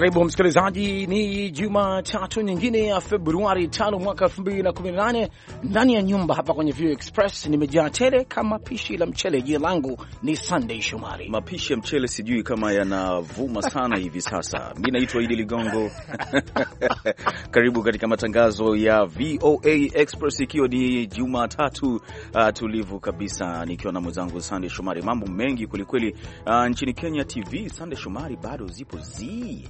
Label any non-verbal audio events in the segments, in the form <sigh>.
Karibu msikilizaji, ni Jumatatu nyingine ya Februari tano mwaka nane ndani ya nyumba hapa kwenye View Express nimejaa tele kama pishi la mchele. Jina langu ni Sunday Shomari. Mapishi ya mchele sijui kama yanavuma sana <laughs> hivi sasa. Mi naitwa Idi Ligongo <laughs> karibu katika matangazo ya VOA Express, ikiwa ni Jumatatu uh, ah, tulivu kabisa, nikiwa na mwenzangu Sunday Shomari. Mambo mengi kwelikweli. Uh, nchini Kenya TV Sunday Shomari bado zipo zii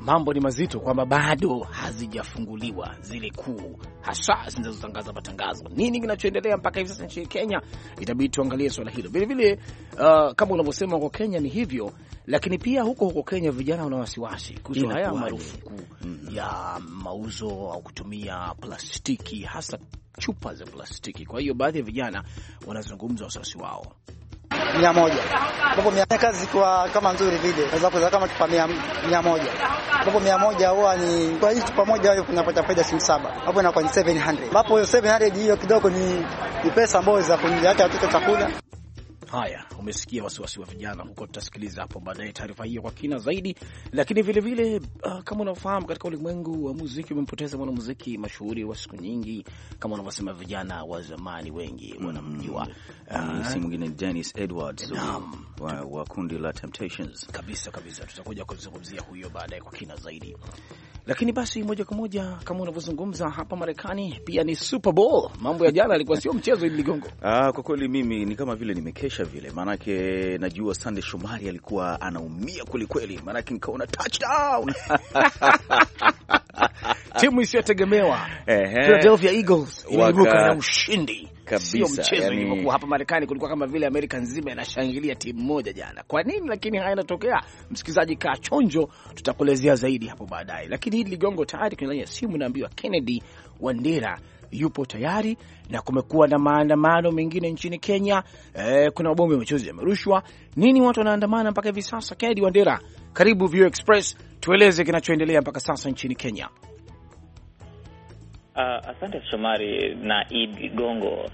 mambo ni mazito, kwamba bado hazijafunguliwa zile kuu hasa zinazotangaza matangazo. Nini kinachoendelea mpaka hivi sasa nchini Kenya? Itabidi tuangalie swala hilo vilevile. Uh, kama unavyosema huko Kenya ni hivyo, lakini pia huko huko Kenya vijana wana wasiwasi kuhusu haya marufuku mm -hmm. ya mauzo au kutumia plastiki, hasa chupa za plastiki. Kwa hiyo baadhi ya vijana wanazungumza wasiwasi wao mia moja ambapo mia kazi kwa kama nzuri vile naweza kuza kama chupa mia moja ambapo mia moja huwa ni kwa hii chupa moja hiyo kunapata faida shilingi saba hapo inakuwa ni 700 ambapo hiyo 700 hiyo kidogo ni pesa ambayo za kuacha watoto chakula. Haya, umesikia wasiwasi wa vijana huko, tutasikiliza hapo baadaye taarifa hiyo kwa kina zaidi. Lakini vilevile vile, uh, kama unavyofahamu katika ulimwengu wa muziki umempoteza mwanamuziki mashuhuri wa siku nyingi, kama unavyosema vijana wa zamani wengi mm. wanamjua, mm. uh, si mwingine Dennis Edwards wa, wa kundi la Temptations. Kabisa kabisa, tutakuja kuzungumzia huyo baadaye kwa kina zaidi. Lakini basi moja kwa moja kama unavyozungumza hapa Marekani pia ni Super Bowl. Mambo ya jana alikuwa sio mchezo, ili ligongo. Ah, kwa kweli mimi ni kama vile nimekesha kuchekesha vile, maanake najua Sande Shomari alikuwa anaumia kwelikweli, maanake nikaona touchdown <laughs> timu isiyotegemewa Philadelphia Eagles iliibuka na ushindi sio mchezo yani... ilivyokuwa hapa Marekani kulikuwa kama vile Amerika nzima inashangilia timu moja jana. Kwa nini lakini haya yanatokea? Msikilizaji, kaa chonjo, tutakuelezea zaidi hapo baadaye. Lakini hili ligongo tayari kwenye simu naambiwa Kennedy Wandera yupo tayari, na kumekuwa na maandamano mengine nchini Kenya. E, kuna mabomu ya machozi yamerushwa. Nini watu wanaandamana mpaka hivi sasa? Kennedy Wandera, karibu View Express, tueleze kinachoendelea mpaka sasa nchini Kenya. Uh, asante Shomari na Id Gongo.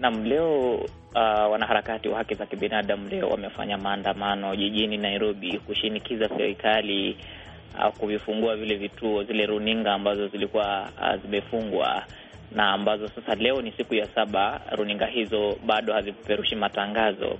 Nam, leo uh, wanaharakati wa haki za kibinadamu leo wamefanya maandamano jijini Nairobi kushinikiza serikali uh, kuvifungua vile vituo, zile runinga ambazo zilikuwa uh, zimefungwa na ambazo sasa leo ni siku ya saba, runinga hizo bado hazipeperushi matangazo.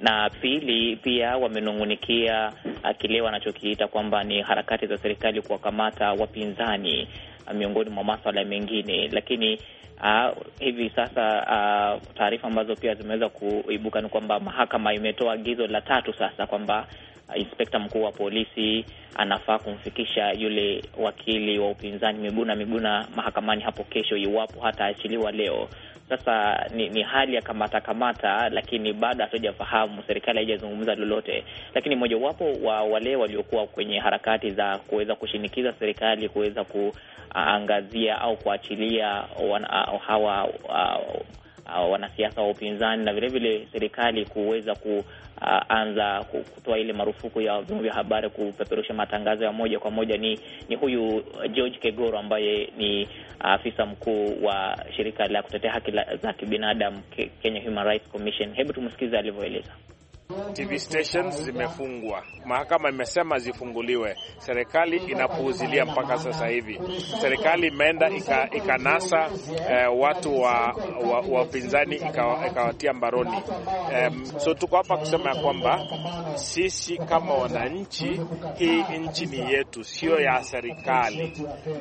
Na pili, pia wamenung'unikia kile wanachokiita kwamba ni harakati za serikali kuwakamata wapinzani, uh, miongoni mwa maswala mengine, lakini Uh, hivi sasa uh, taarifa ambazo pia zimeweza kuibuka ni kwamba mahakama imetoa agizo la tatu sasa kwamba Uh, inspekta mkuu wa polisi anafaa kumfikisha yule wakili wa upinzani Miguna Miguna mahakamani hapo kesho, iwapo hataachiliwa leo. Sasa ni, ni hali ya kamata kamata, lakini bado hatujafahamu, serikali haijazungumza lolote. Lakini mojawapo wa wale waliokuwa kwenye harakati za kuweza kushinikiza serikali kuweza kuangazia au kuachilia uh, hawa uh, Uh, wanasiasa wa upinzani na vilevile serikali kuweza kuanza uh, kutoa ile marufuku ya vyombo vya habari kupeperusha matangazo ya moja kwa moja ni, ni huyu uh, George Kegoro ambaye ni uh, afisa uh, mkuu wa shirika la kutetea haki za kibinadamu Kenya Human Rights Commission. Hebu tumsikize alivyoeleza. TV stations zimefungwa, mahakama imesema zifunguliwe, serikali inapuuzilia mpaka sasa hivi. Serikali imeenda ikanasa ika eh, watu wa wapinzani wa ikawatia mbaroni. Eh, so tuko hapa kusema ya kwamba sisi kama wananchi, hii nchi ni yetu, sio ya serikali,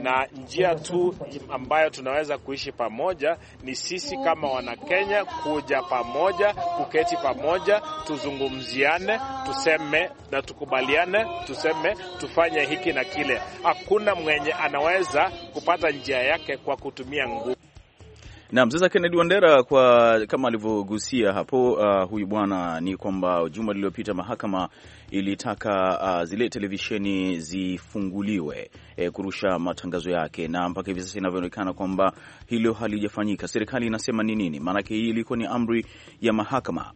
na njia tu ambayo tunaweza kuishi pamoja ni sisi kama Wanakenya kuja pamoja, kuketi pamoja, tuzungumze tuzungumziane, tuseme na tukubaliane, tuseme tufanye hiki na kile. Hakuna mwenye anaweza kupata njia yake kwa kutumia nguvu. Naam, sasa Kennedy Wandera, kwa kama alivyogusia hapo uh, huyu bwana ni kwamba juma lililopita mahakama ilitaka uh, zile televisheni zifunguliwe eh, kurusha matangazo yake, na mpaka hivi sasa inavyoonekana kwamba hilo halijafanyika. Serikali inasema ni nini? Maanake hii ilikuwa ni amri ya mahakama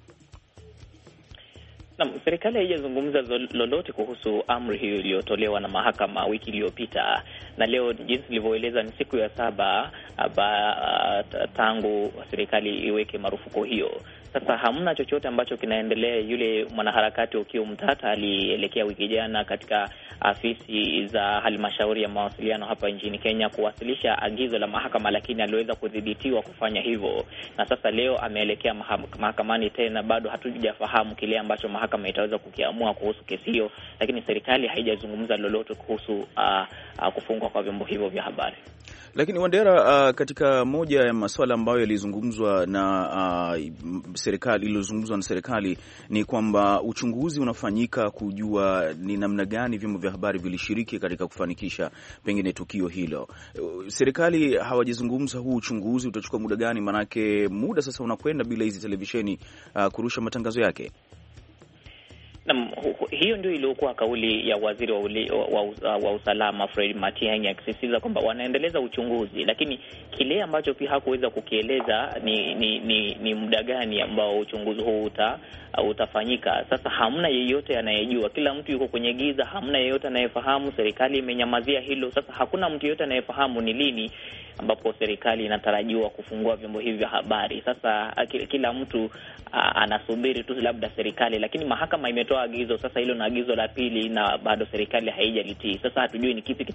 Serikali haijazungumza lolote kuhusu amri hiyo iliyotolewa na mahakama wiki iliyopita, na leo jinsi ilivyoeleza ni siku ya saba ba, uh, tangu serikali iweke marufuku hiyo. Sasa hamna chochote ambacho kinaendelea. Yule mwanaharakati Okiya Mtata alielekea wiki jana katika afisi za halmashauri ya mawasiliano hapa nchini Kenya kuwasilisha agizo la mahakama, lakini aliweza kudhibitiwa kufanya hivyo, na sasa leo ameelekea mahakamani tena. Bado hatujafahamu kile ambacho mahakama itaweza kukiamua kuhusu kesi hiyo, lakini serikali haijazungumza lolote kuhusu uh, uh, kufungwa kwa vyombo hivyo vya habari. Lakini Wandera, uh, katika moja ya masuala ambayo yalizungumzwa na uh, serikali iliyozungumzwa na serikali ni kwamba uchunguzi unafanyika kujua ni namna gani vyombo vya habari vilishiriki katika kufanikisha pengine tukio hilo. Uh, serikali hawajazungumza huu uchunguzi utachukua muda gani, maanake muda sasa unakwenda bila hizi televisheni uh, kurusha matangazo yake. Naam, hiyo ndio iliyokuwa kauli ya waziri wa, uli, wa, wa, wa usalama Fred Matiang'i akisisitiza kwamba wanaendeleza uchunguzi, lakini kile ambacho pia hakuweza kukieleza ni ni, ni, ni muda gani ambao uchunguzi huu uta, uh, utafanyika. Sasa hamna yeyote anayejua, kila mtu yuko kwenye giza, hamna yeyote anayefahamu. Serikali imenyamazia hilo, sasa hakuna mtu yeyote anayefahamu ni lini ambapo serikali inatarajiwa kufungua vyombo hivi vya habari. Sasa kila mtu a, anasubiri tu labda serikali, lakini mahakama imetoa agizo sasa, hilo na agizo la pili, na bado serikali haijalitii. Sasa hatujui ni kipi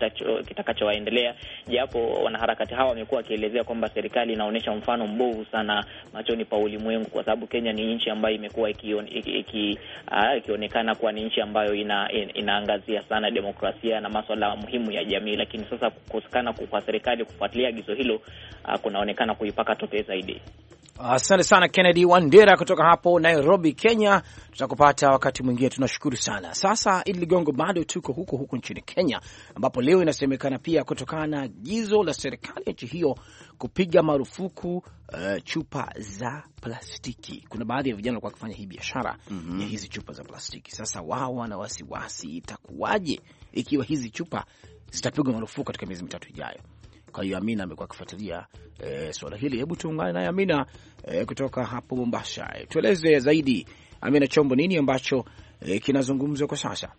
kitakachowaendelea, kita japo wanaharakati hawa wamekuwa wakielezea kwamba serikali inaonyesha mfano mbovu sana machoni pa ulimwengu, kwa sababu Kenya ni nchi ambayo imekuwa ikionekana iki, iki, kuwa ni nchi ambayo ina, in, inaangazia sana demokrasia na maswala muhimu ya jamii, lakini sasa kukosekana kwa serikali kufuatilia kuangalia agizo hilo uh, kunaonekana kuipaka tope zaidi. Asante sana Kennedy Wandera kutoka hapo Nairobi, Kenya. Tutakupata wakati mwingine, tunashukuru sana. Sasa Idi Ligongo, bado tuko huko huko nchini Kenya, ambapo leo inasemekana pia kutokana na agizo la serikali ya nchi hiyo kupiga marufuku uh, chupa za plastiki, kuna baadhi ya vijana walikuwa wakifanya hii biashara mm -hmm. ya hizi chupa za plastiki. Sasa wao wana wasiwasi, itakuwaje ikiwa hizi chupa zitapigwa marufuku katika miezi mitatu ijayo? Kwa hiyo Amina amekuwa akifuatilia e, suala hili. Hebu tuungane naye Amina e, kutoka hapo Mombasa. E, tueleze zaidi Amina Chombo, nini ambacho e, kinazungumzwa kwa sasa?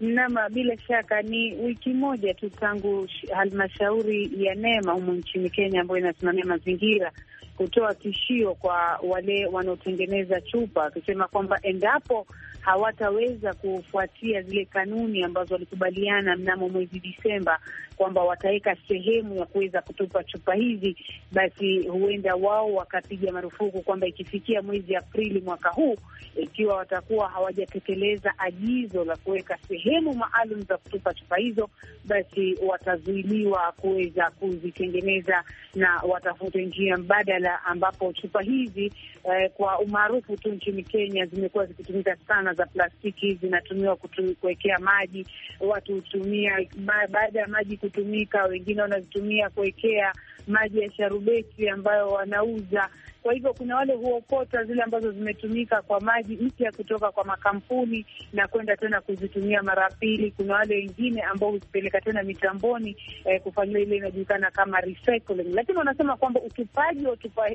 Nama, bila shaka ni wiki moja tu tangu halmashauri ya NEMA humu nchini Kenya ambayo inasimamia mazingira kutoa tishio kwa wale wanaotengeneza chupa, akisema kwamba endapo hawataweza kufuatia zile kanuni ambazo walikubaliana mnamo mwezi Disemba kwamba wataweka sehemu ya kuweza kutupa chupa hizi, basi huenda wao wakapiga marufuku kwamba ikifikia mwezi Aprili mwaka huu, ikiwa watakuwa hawajatekeleza agizo la kuweka sehemu maalum za kutupa chupa hizo, basi watazuiliwa kuweza kuzitengeneza na watafute njia mbadala, ambapo chupa hizi eh, kwa umaarufu tu nchini Kenya zimekuwa zikitumika sana sana za plastiki zinatumiwa kuwekea maji, watu hutumia baada ya maji kutumika, wengine wanazitumia kuwekea maji ya sharubeti ambayo wanauza. Kwa hivyo kuna wale huokota zile ambazo zimetumika kwa maji mpya kutoka kwa makampuni na kwenda tena kuzitumia mara pili. Kuna wale wengine ambao huzipeleka tena mitamboni eh, kufanyia ile inajulikana kama recycling, lakini wanasema kwamba utupaji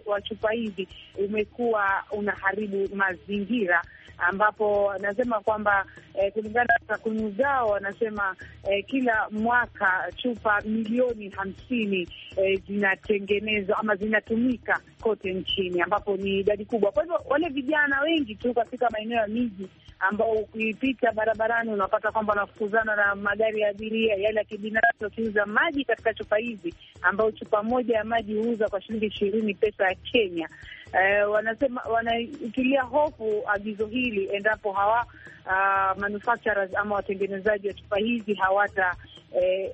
wa chupa hizi umekuwa unaharibu mazingira ambapo anasema kwamba eh, kulingana na takwimu zao wanasema eh, kila mwaka chupa milioni hamsini eh, zinatengenezwa ama zinatumika kote nchini, ambapo ni idadi kubwa. Kwa hivyo wale vijana wengi tu katika maeneo ya miji ambao ukipita barabarani unapata kwamba wanafukuzana na magari ya abiria yale ya kibinafsi, wakiuza maji katika chupa hizi, ambayo chupa moja ya maji huuza kwa shilingi ishirini pesa ya Kenya eh, wanasema wanaitilia hofu agizo hili endapo hawa uh, manufacturers ama watengenezaji wa chupa hizi hawata eh,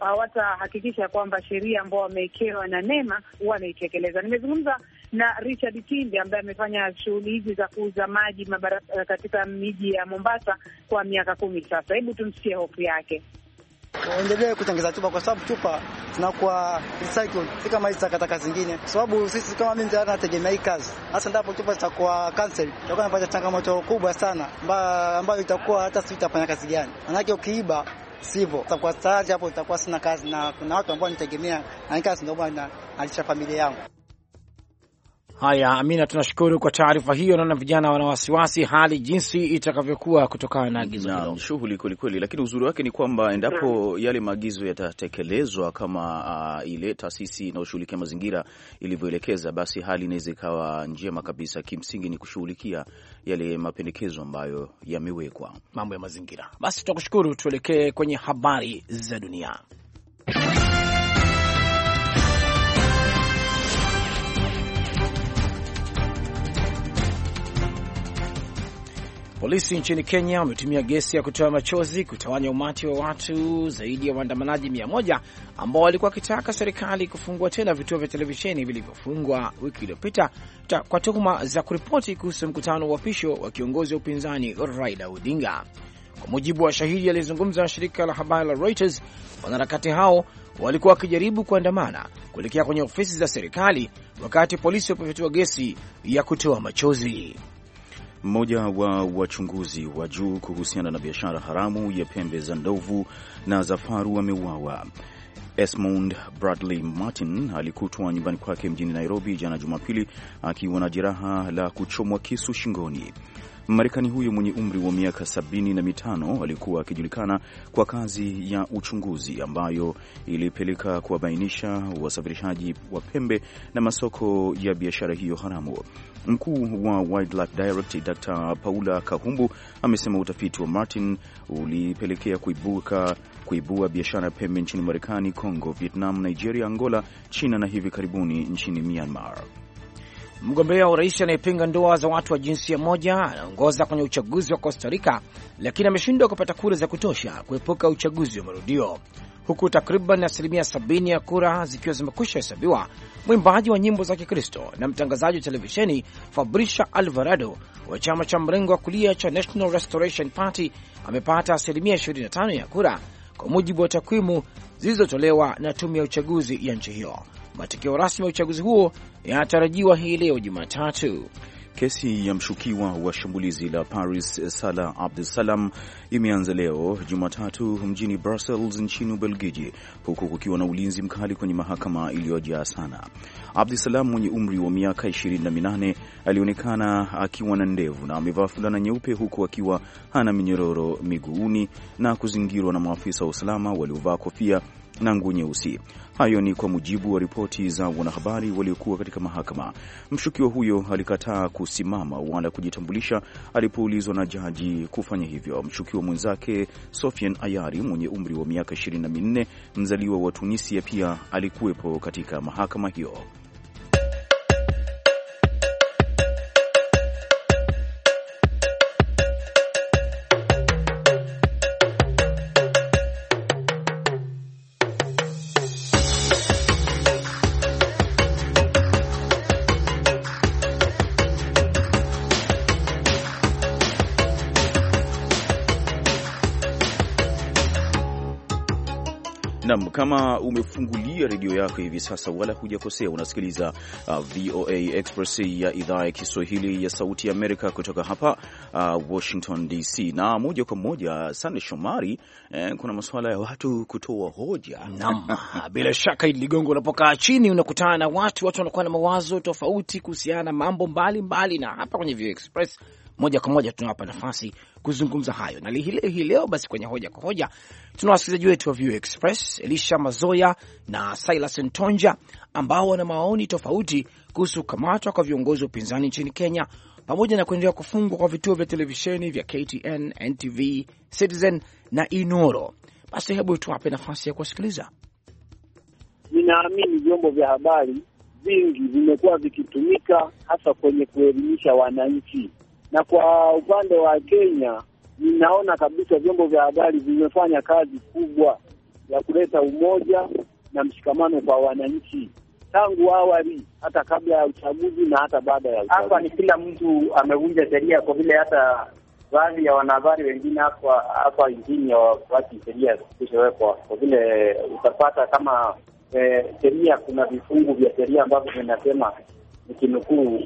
hawatahakikisha kwamba sheria ambao wamewekewa na NEMA wanaitekeleza. Nimezungumza na Richard kindi ambaye amefanya shughuli hizi za kuuza maji mabara, eh, katika miji ya Mombasa kwa miaka kumi sasa. Hebu tumsikie hofu yake waendelee kutengeza chupa, kwa sababu chupa zinakuwa recycled, si kama hizi takataka zingine, kwa sababu sisi kama mimi nategemea hii kazi hasa. ndipo chupa zitakuwa cancel, tutakuwa tunapata changamoto kubwa sana, ambayo itakuwa hata si itafanya kazi gani, manake ukiiba sivyo itakuwa tayari hapo itakuwa sina kazi, na kuna watu ambao nitegemea na kazi ndio bwana alisha familia yangu. Haya, Amina, tunashukuru kwa taarifa hiyo. Naona vijana wana wasiwasi hali jinsi itakavyokuwa kutokana na agizo hilo. Shughuli kwelikweli, lakini uzuri wake ni kwamba endapo yale maagizo yatatekelezwa kama uh, ile taasisi inayoshughulikia mazingira ilivyoelekeza, basi hali inaweza ikawa njema kabisa. Kimsingi ni kushughulikia yale mapendekezo ambayo yamewekwa, mambo ya mazingira. Basi tutakushukuru, tuelekee kwenye habari za dunia. Polisi nchini Kenya wametumia gesi ya kutoa machozi kutawanya umati wa watu zaidi ya waandamanaji mia moja ambao walikuwa wakitaka serikali kufungua tena vituo vya televisheni vilivyofungwa wiki iliyopita kwa tuhuma za kuripoti kuhusu mkutano wa pisho wa kiongozi wa upinzani Raila Odinga. Kwa mujibu wa shahidi aliyezungumza na shirika la habari la Reuters, wanaharakati hao walikuwa wakijaribu kuandamana kuelekea kwenye ofisi za serikali wakati polisi walipovyatua gesi ya kutoa machozi. Mmoja wa wachunguzi wa juu kuhusiana na biashara haramu ya pembe za ndovu na za faru ameuawa. Esmond Bradley Martin alikutwa nyumbani kwake mjini Nairobi jana Jumapili akiwa na jeraha la kuchomwa kisu shingoni. Marekani huyo mwenye umri wa miaka sabini na mitano alikuwa akijulikana kwa kazi ya uchunguzi ambayo ilipeleka kuwabainisha wasafirishaji wa pembe na masoko ya biashara hiyo haramu. Mkuu wa Wildlife Direct Dr. Paula Kahumbu amesema utafiti wa Martin ulipelekea kuibuka kuibua biashara ya pembe nchini Marekani, congo Vietnam, Nigeria, Angola, China na hivi karibuni nchini Myanmar. Mgombea wa urais anayepinga ndoa za watu wa jinsia moja anaongoza kwenye uchaguzi wa Costa Rica, lakini ameshindwa kupata kura za kutosha kuepuka uchaguzi wa marudio, huku takriban asilimia sabini ya kura zikiwa zimekwisha hesabiwa. Mwimbaji wa nyimbo za Kikristo na mtangazaji wa televisheni Fabricia Alvarado wa chama cha mrengo wa kulia cha National Restoration Party amepata asilimia 25 ya kura, kwa mujibu wa takwimu zilizotolewa na tume ya uchaguzi ya nchi hiyo. Matokeo rasmi ya uchaguzi huo yanatarajiwa hii leo Jumatatu. Kesi ya mshukiwa wa shambulizi la Paris Salah Abdussalam imeanza leo Jumatatu mjini Brussels nchini Ubelgiji, huku kukiwa na ulinzi mkali kwenye mahakama iliyojaa sana. Abdussalam mwenye umri wa miaka 28 alionekana akiwa na ndevu na amevaa fulana nyeupe, huku akiwa hana minyororo miguuni na kuzingirwa na maafisa wa usalama waliovaa kofia na nguo nyeusi. Hayo ni kwa mujibu wa ripoti za wanahabari waliokuwa katika mahakama. Mshukiwa huyo alikataa kusimama wala kujitambulisha alipoulizwa na jaji kufanya hivyo. Mshukiwa mwenzake Sofian Ayari mwenye umri wa miaka 24 mzaliwa wa Tunisia pia alikuwepo katika mahakama hiyo. Nam, kama umefungulia redio yako hivi sasa, wala hujakosea, unasikiliza uh, VOA Express ya idhaa ya Kiswahili ya Sauti ya Amerika kutoka hapa uh, Washington DC, na moja kwa moja Sande Shomari eh, kuna masuala ya watu kutoa hoja. Nam, <laughs> bila shaka Idi Ligongo, unapokaa chini unakutana na watu, watu wanakuwa na mawazo tofauti kuhusiana na mambo mbalimbali mbali, na hapa kwenye VOA Express moja kwa moja tunawapa nafasi kuzungumza hayo. Na hii leo basi kwenye hoja kwa hoja tuna wasikilizaji wetu wa View Express Elisha Mazoya na Silas Ntonja ambao wana maoni tofauti kuhusu kukamatwa kwa viongozi wa upinzani nchini Kenya pamoja na kuendelea kufungwa kwa vituo vya televisheni vya KTN, NTV, Citizen na Inoro. Basi hebu tuwape nafasi ya kuwasikiliza. Ninaamini vyombo vya habari vingi vimekuwa vikitumika hasa kwenye kuelimisha wananchi na kwa upande wa Kenya, ninaona kabisa vyombo vya habari vimefanya kazi kubwa ya kuleta umoja na mshikamano kwa wananchi tangu awali, hata kabla ya uchaguzi na hata baada ya uchaguzi. Hapa ni kila mtu amevunja sheria, kwa vile hata baadhi ya wanahabari wengine hapa hapa nchini hawafuati sheria zilizowekwa, kwa vile utapata kama eh, sheria, kuna vifungu vya sheria ambavyo vinasema nikinukuu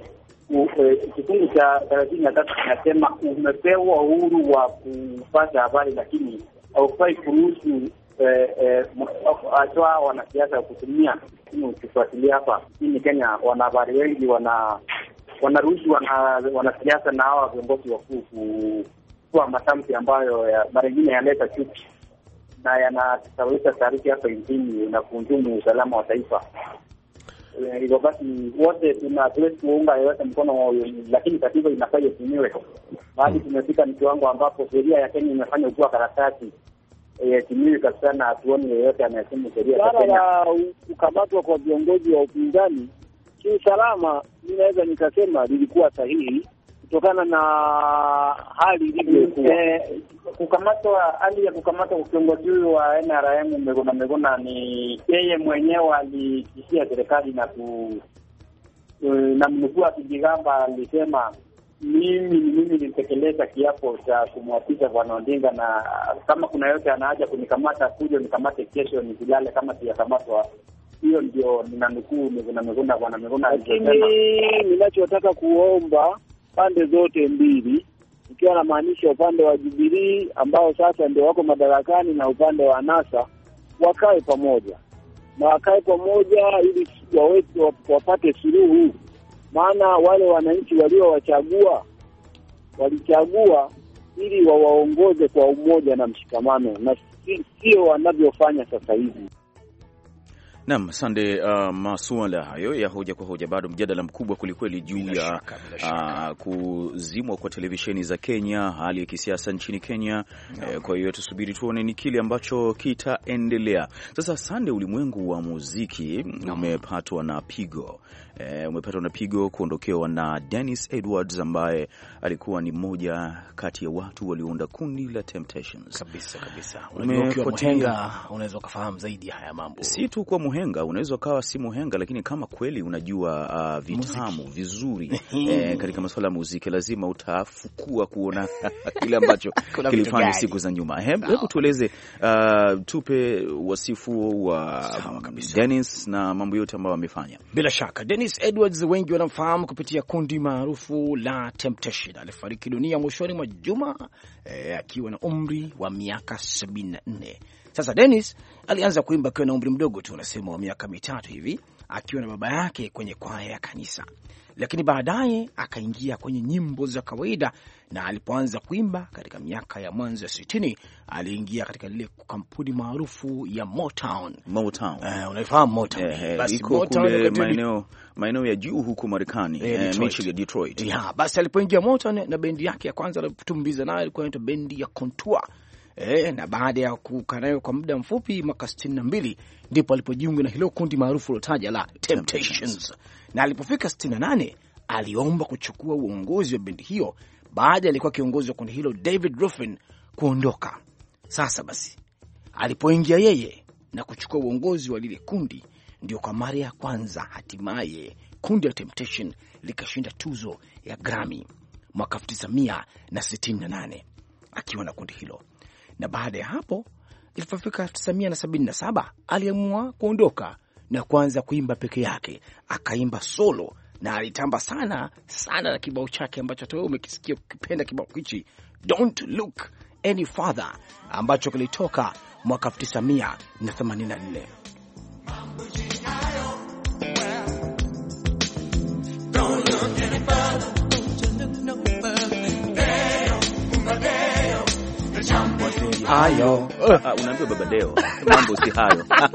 E, kifungu cha thelathini na tatu kinasema umepewa uhuru wa kupata habari, lakini haufai kuruhusu hata e, e, wanasiasa kutumia. Ukifuatilia hapa nchini Kenya, wanahabari wengi wana wanaruhusu wanasiasa na hawa viongozi wakuu kutoa matamshi ambayo mara ingine yanaleta chuki na yanasababisha taarifa hapa nchini na kuhujumu usalama wa taifa. Eh, hivyo basi wote tuna kuunga yoyote mkono, lakini katiba inafaa itumiwe. Basi tumefika ni kiwango ambapo sheria ya Kenya imefanya kuwa karatasi yatimiwi eh, kabisa, na hatuoni yeyote anayesimu sheria ya Kenya. Kukamatwa kwa viongozi wa upinzani kiusalama, mi naweza nikasema lilikuwa sahihi kutokana na hali ilivyokuwa. Eh, kukamatwa, hali ya kukamatwa kwa kiongozi huyu wa NRM Miguna Miguna ni yeye mwenyewe alitishia serikali na ku eh, na mnukuu akijigamba alisema, mimi ni mimi nilitekeleza kiapo cha kumwapisha bwana Odinga, na kama kuna yote anaaja kunikamata kuja nikamate kesho nisilale kama sijakamatwa. Hiyo ndio nina nukuu Miguna Miguna, bwana Miguna. Lakini ninachotaka kuomba pande zote mbili, ikiwa namaanisha upande wa Jubilee ambao sasa ndio wako madarakani na upande wa NASA, wakae pamoja na wakae pamoja ili waweze wapate suluhu, maana wale wananchi waliowachagua walichagua ili wawaongoze kwa umoja na mshikamano, na sio wanavyofanya sasa hivi. Nam sande. Uh, masuala hayo ya hoja kwa hoja, bado mjadala mkubwa kwelikweli juu ya uh, kuzimwa kwa televisheni za Kenya, hali ya kisiasa nchini Kenya. Eh, kwa hiyo tusubiri tuone ni kile ambacho kitaendelea. Sasa sande, ulimwengu wa muziki umepatwa na pigo e, eh, umepatwa na pigo kuondokewa na Dennis Edwards ambaye alikuwa ni mmoja kati ya watu waliounda kundi la Temptations. Kabisa kabisa, ukiwa unaweza kufahamu zaidi haya mambo, si tu kwa muhenga, unaweza kawa si muhenga, lakini kama kweli unajua uh, vitamu muziki vizuri <laughs> e, katika masuala ya muziki lazima utafukua kuona <laughs> kile ambacho <laughs> kilifanya siku za nyuma. Hebu tueleze uh, tupe wasifu wa Dennis na mambo yote ambayo amefanya. Bila shaka Dennis Dennis Edwards wengi wanamfahamu kupitia kundi maarufu la Temptation. Alifariki dunia mwishoni mwa juma eh, akiwa na umri wa miaka 74. Sasa Dennis alianza kuimba akiwa na umri mdogo tu, unasema wa miaka mitatu hivi, akiwa na baba yake kwenye kwaya ya kanisa lakini baadaye akaingia kwenye nyimbo za kawaida, na alipoanza kuimba katika miaka ya mwanzo ya sitini, aliingia katika lile kampuni maarufu ya Motown. Motown. Eh, unaifahamu Motown? Eh, basi Motown maeneo maeneo ya juu huko Marekani, eh, eh, Detroit. Michigan, Detroit. Ya, basi alipoingia Motown na bendi yake ya kwanza alitumbiza nayo ilikuwa inaitwa bendi ya Contour e, na baada ya kukaa nayo kwa muda mfupi mwaka sitini na mbili ndipo alipojiunga na hilo kundi maarufu lilotaja la Temptations, na alipofika sitini na nane aliomba kuchukua uongozi wa bendi hiyo baada alikuwa kiongozi wa kundi hilo David Ruffin kuondoka. Sasa basi, alipoingia yeye na kuchukua uongozi wa lile kundi, ndio kwa mara ya kwanza hatimaye kundi la Temptation likashinda tuzo ya Grammy mwaka 1968 akiwa na kundi hilo na baada ya hapo ilipofika 1977 aliamua kuondoka na kuanza kuimba peke yake, akaimba solo na alitamba sana sana na kibao chake ambacho hata wewe umekisikia ukipenda kibao hichi Don't Look Any Further ambacho kilitoka mwaka 1984. hayo. Ah, ah, unaambia baba Deo, mambo si hayo. <laughs>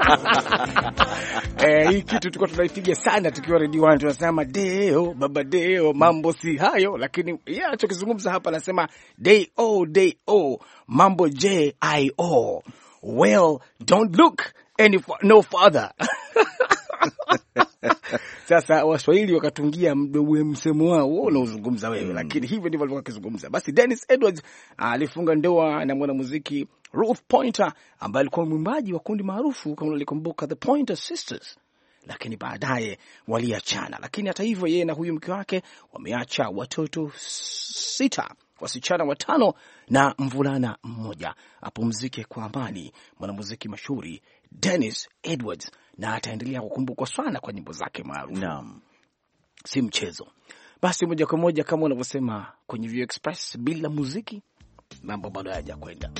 Eh, hii kitu tulikuwa tunaipiga sana tukiwa redio wani, tunasema Deo baba Deo, mambo si hayo, lakini yeye anachokizungumza hapa anasema day o day o mambo j i o well don't look any no father <laughs> <laughs> Sasa Waswahili wakatungia mdowe msemo wao wao unaozungumza wewe mm. Lakini hivyo ndivyo alivyokuwa akizungumza. Basi Dennis Edwards ah, alifunga ndoa na mwanamuziki Ruth Pointer ambaye alikuwa mwimbaji wa kundi maarufu kama unalikumbuka, The Pointer Sisters lakini baadaye waliachana. Lakini hata hivyo, yeye na huyu mke wake wameacha watoto sita, wasichana watano na mvulana mmoja. Apumzike kwa amani mwanamuziki mashuhuri Dennis Edwards na ataendelea kukumbukwa sana kwa nyimbo zake maarufu. Naam, si mchezo. Basi moja kwa moja kama unavyosema kwenye View Express, bila muziki mambo bado kwenda.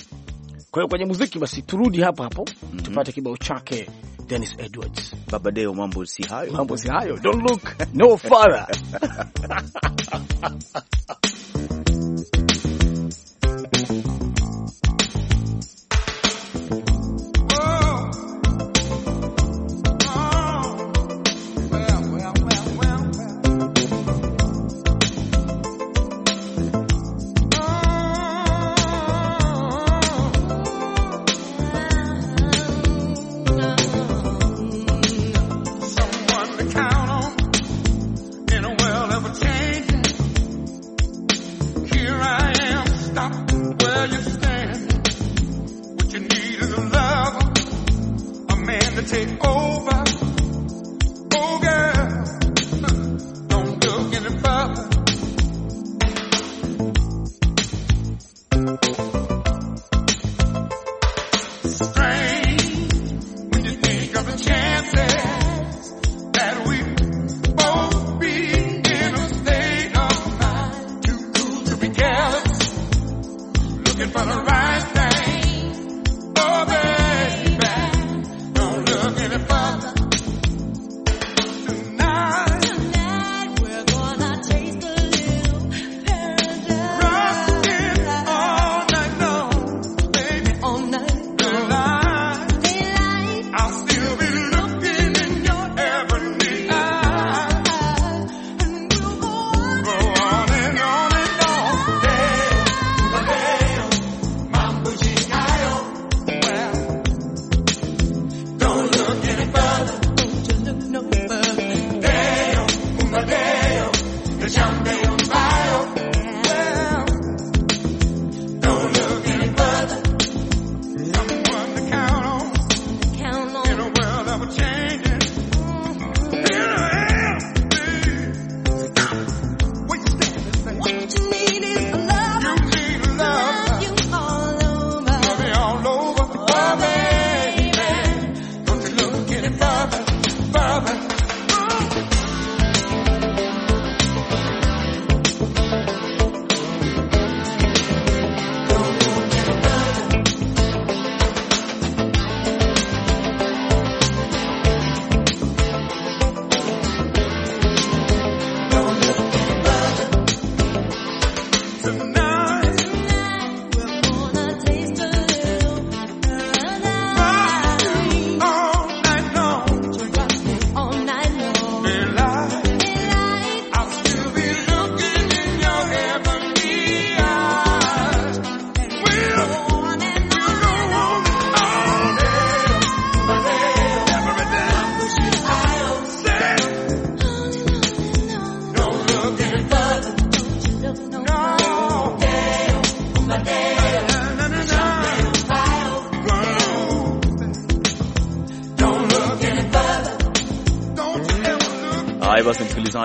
Kwa hiyo kwenye muziki basi turudi hapo hapo mm -hmm. tupate kibao chake Dennis Edwards. Baba Deo, mambo si hayo, mambo si hayo. Don't look no further <laughs>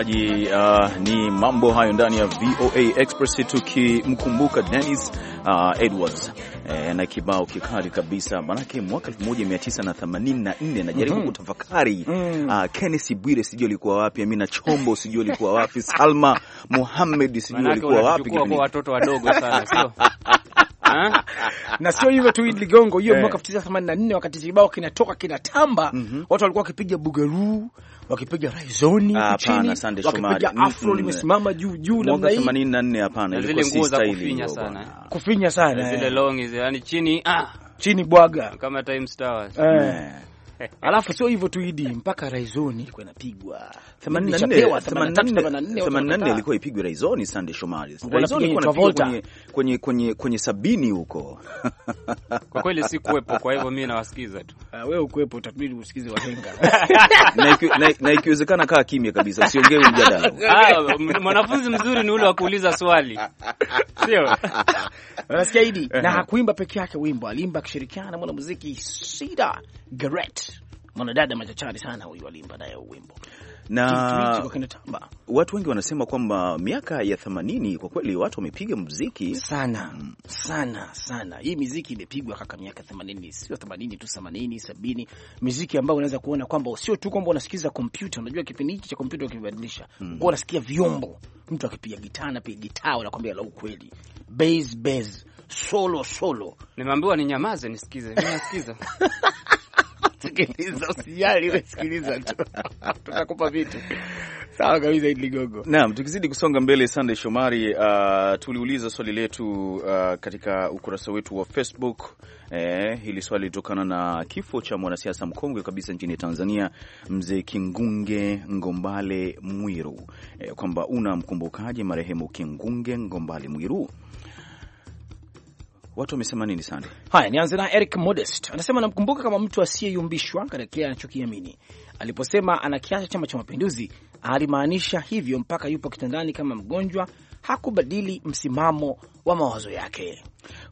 msikilizaji. Uh, ni mambo hayo ndani ya VOA Express, tukimkumbuka Dennis uh, Edwards eh, na kibao kikali kabisa manake mwaka 1984 najaribu mm -hmm. kutafakari mm -hmm. uh, Kenneth Bwire sijui alikuwa wapi, Amina Chombo sijui alikuwa wapi, Salma muhammed sijui alikuwa wapi, kwa watoto wadogo sana sio <laughs> na sio hivyo tu, Ligongo, hiyo eh. mwaka 1984 wakati kibao kinatoka kinatamba, mm -hmm. watu walikuwa wakipiga bugeru wakipiga raizoni chini, wakipiga afro limesimama juu juu namna hii. 84 hapana, ilikuwa si style kufinya sana, kufinya sana zile eh. long hizo, yani chini ah, chini bwaga kama Time Stars eh, eh. Alafu sio hivyo tu Idi, mpaka Raizoni ilikuwa inapigwa 84 84 ilikuwa ipigwe Raizoni. Sunday Shomali Raizoni ilikuwa inapigwa kwenye kwenye kwenye sabini huko. <laughs> Kwa kweli si sikuwepo, kwa hivyo mimi nawasikiza tu. Ah, wewe ukuwepo, utabidi usikize wahenga. <laughs> Na ikiwezekana kaa kimya kabisa, usiongee mjadala. <laughs> Ah, mwanafunzi mzuri ni ule wa kuuliza swali, sio unasikia Idi? Na hakuimba peke yake wimbo, aliimba akishirikiana na mwanamuziki Sida Garrett mwanadada machachari sana huyu, alimba naye wimbo na watu wengi wanasema kwamba miaka ya themanini kwa kweli watu wamepiga mziki sana mm. sana sana. Hii miziki imepigwa kaka miaka themanini, sio themanini tu, themanini sabini, miziki ambayo unaweza kuona kwamba sio tu kwamba unasikiza kompyuta. Unajua kipindi hiki cha kompyuta ukibadilisha mm, kwa unasikia vyombo, mtu akipiga gitaa na piga gitaa, unakwambia la ukweli, bass bass, solo solo, nimeambiwa ni nyamaze nisikize, nasikiza <laughs> sikiliza, usijali, sikiliza tu <laughs> tutakupa vitu sawa kabisa. Idi Ligongo. Naam, tukizidi kusonga mbele, sande Shomari, uh, tuliuliza swali letu uh, katika ukurasa wetu wa Facebook. Eh, hili swali lilitokana na kifo cha mwanasiasa mkongwe kabisa nchini Tanzania, mzee Kingunge Ngombale Mwiru, eh, kwamba unamkumbukaje marehemu Kingunge Ngombale Mwiru? watu wamesema nini sana. Haya, nianze na Eric Modest, anasema namkumbuka kama mtu asiyeyumbishwa katika kile anachokiamini. Aliposema anakiacha Chama cha Mapinduzi alimaanisha hivyo mpaka yupo kitandani kama mgonjwa hakubadili msimamo wa mawazo yake.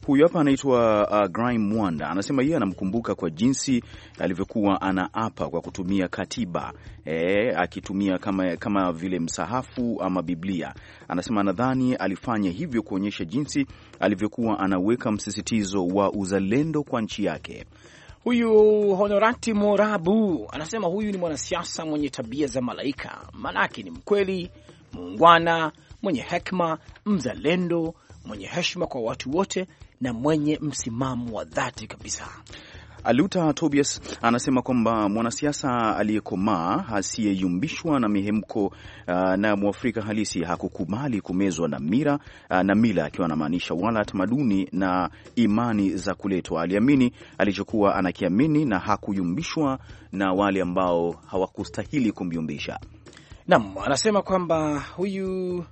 Huyu hapa anaitwa uh, Grime Mwanda anasema yeye anamkumbuka kwa jinsi alivyokuwa anaapa kwa kutumia katiba e, akitumia kama, kama vile msahafu ama Biblia. Anasema nadhani alifanya hivyo kuonyesha jinsi alivyokuwa anaweka msisitizo wa uzalendo kwa nchi yake. Huyu Honorati Morabu anasema huyu ni mwanasiasa mwenye tabia za malaika, maanake ni mkweli, muungwana mwenye hekima, mzalendo, mwenye heshima kwa watu wote na mwenye msimamo wa dhati kabisa. Aluta Tobias anasema kwamba mwanasiasa aliyekomaa asiyeyumbishwa na mihemko uh, na mwafrika halisi hakukubali kumezwa na mira uh, na mila, akiwa anamaanisha wala tamaduni na imani za kuletwa. Aliamini alichokuwa anakiamini na hakuyumbishwa na wale ambao hawakustahili kumyumbisha. Nam anasema kwamba huyu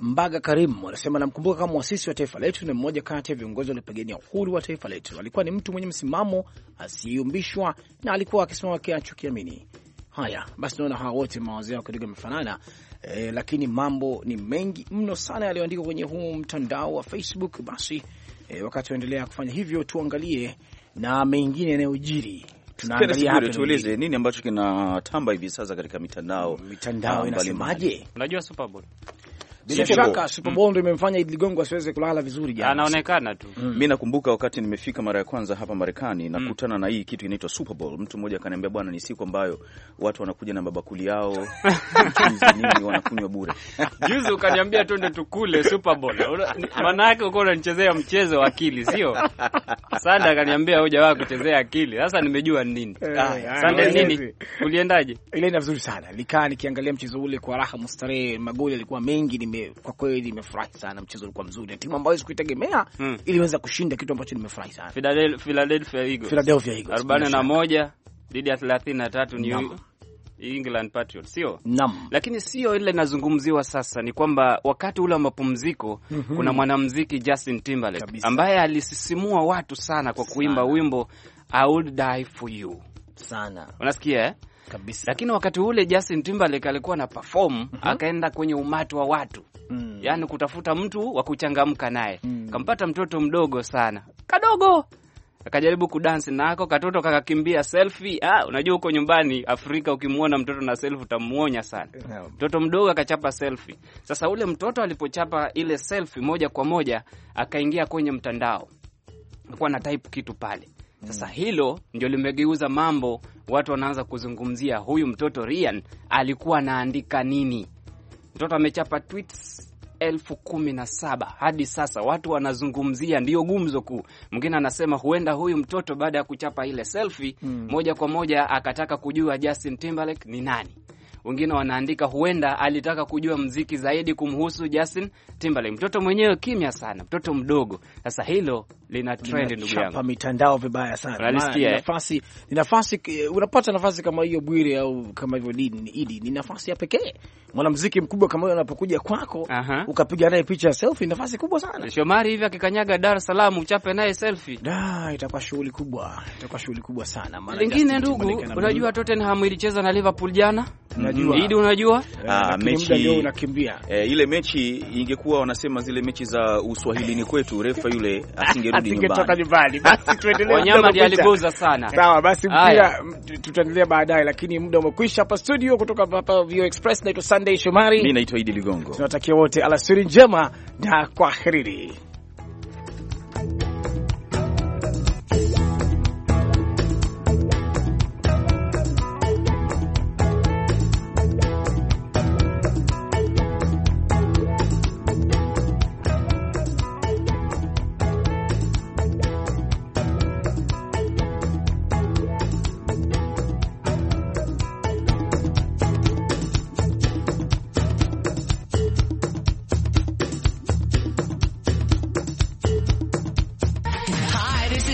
Mbaga Karim anasema namkumbuka kama mwasisi wa taifa letu na mmoja kati ya viongozi waliopigania uhuru wa taifa letu. Alikuwa ni mtu mwenye msimamo asiyeyumbishwa, na alikuwa akisimama kile anachokiamini. Haya basi, naona hawa wote mawazo yao kidogo yamefanana eh, lakini mambo ni mengi mno sana yaliyoandikwa kwenye huu mtandao wa Facebook. Basi eh, wakati waendelea kufanya hivyo, tuangalie na mengine yanayojiri tuulize nini ambacho kinatamba hivi sasa katika mitandao mitandao ah, inasemaje? Unajua Super Bowl bila shaka mm. Super Bowl ndio imemfanya Idi Ligongo asiweze kulala vizuri jana, anaonekana tu mm. Mimi nakumbuka wakati nimefika mara ya kwanza hapa Marekani mm. nakutana mm. na hii kitu inaitwa Super Bowl, mtu mmoja akaniambia, bwana, ni siku ambayo watu wanakuja na mabakuli yao <laughs> nini, wanakunywa bure. <laughs> Juzi ukaniambia twende tukule Super Bowl, maana yake uko unanichezea mchezo wa akili, sio Sanda? Akaniambia hoja wako kuchezea akili. Sasa nimejua nini eh, ah, Sanda nini, uliendaje? Ile ina vizuri sana, nikaa nikiangalia mchezo ule kwa raha mustarehe, magoli yalikuwa mengi ni nyingine, kwa kweli imefurahi sana, mchezo ulikuwa mzuri na timu ambayo sikuitegemea mm. iliweza kushinda, kitu ambacho nimefurahi sana. Philadelphia Eagles, Philadelphia Eagles 41 dhidi ya 33 ni England Patriots sio? Naam. Lakini sio ile nazungumziwa sasa, ni kwamba wakati ule wa mapumziko mm -hmm. kuna mwanamuziki Justin Timberlake kabisa, ambaye alisisimua watu sana kwa kuimba sana wimbo I would die for you sana, unasikia eh? kabisa. Lakini wakati ule Justin Timberlake alikuwa na perform mm -hmm. akaenda kwenye umati wa watu mm. yaani kutafuta mtu wa kuchangamka naye mm. kampata mtoto mdogo sana kadogo akajaribu kudansi nako katoto kakakimbia selfie. Ah, unajua huko nyumbani Afrika ukimwona mtoto na selfie utamuonya sana. Eh, mtoto mdogo akachapa selfie. Sasa ule mtoto alipochapa ile selfie, moja kwa moja akaingia kwenye mtandao, alikuwa na type kitu pale sasa mm. hilo ndio limegeuza mambo, watu wanaanza kuzungumzia huyu mtoto Ryan alikuwa anaandika nini. Mtoto amechapa tweets elfu kumi na saba hadi sasa, watu wanazungumzia, ndiyo gumzo kuu. Mwingine anasema huenda huyu mtoto baada ya kuchapa ile selfie hmm, moja kwa moja akataka kujua Justin Timberlake ni nani wengine wanaandika huenda alitaka kujua mziki zaidi kumhusu Justin Timberlake. Mtoto mwenyewe kimya sana, mtoto mdogo. Sasa hilo lina trend, ndugu yangu, hapa mitandao vibaya sana. Unalisikia eh? nafasi, ni nafasi, unapata nafasi kama hiyo Bwire au kama hivyo Idi, Idi, ni nafasi ya pekee. Mwanamuziki mkubwa kama huyo anapokuja kwako uh -huh. ukapiga naye picha ya selfie, nafasi kubwa sana. Shomari hivi akikanyaga Dar es Salaam uchape naye selfie, da, itakuwa shughuli kubwa, itakuwa shughuli kubwa sana. Maana lingine, ndugu, unajua Tottenham ilicheza na Liverpool jana Mm. Idi unajua? Eh, Aa, ah, mechi unakimbia. E, ile mechi ingekuwa wanasema zile mechi za Uswahilini kwetu refa yule asingerudi nyumbani. Asingetoka nyumbani. Basi tuendelee. Wanyama ndiye aligoza sana. Sawa, basi pia tutaendelea baadaye lakini muda umekwisha hapa studio kutoka hapa Vio Express naitwa Sunday Shomari. Mimi naitwa Idi Ligongo. Tunatakia wote alasiri njema na kwaherini.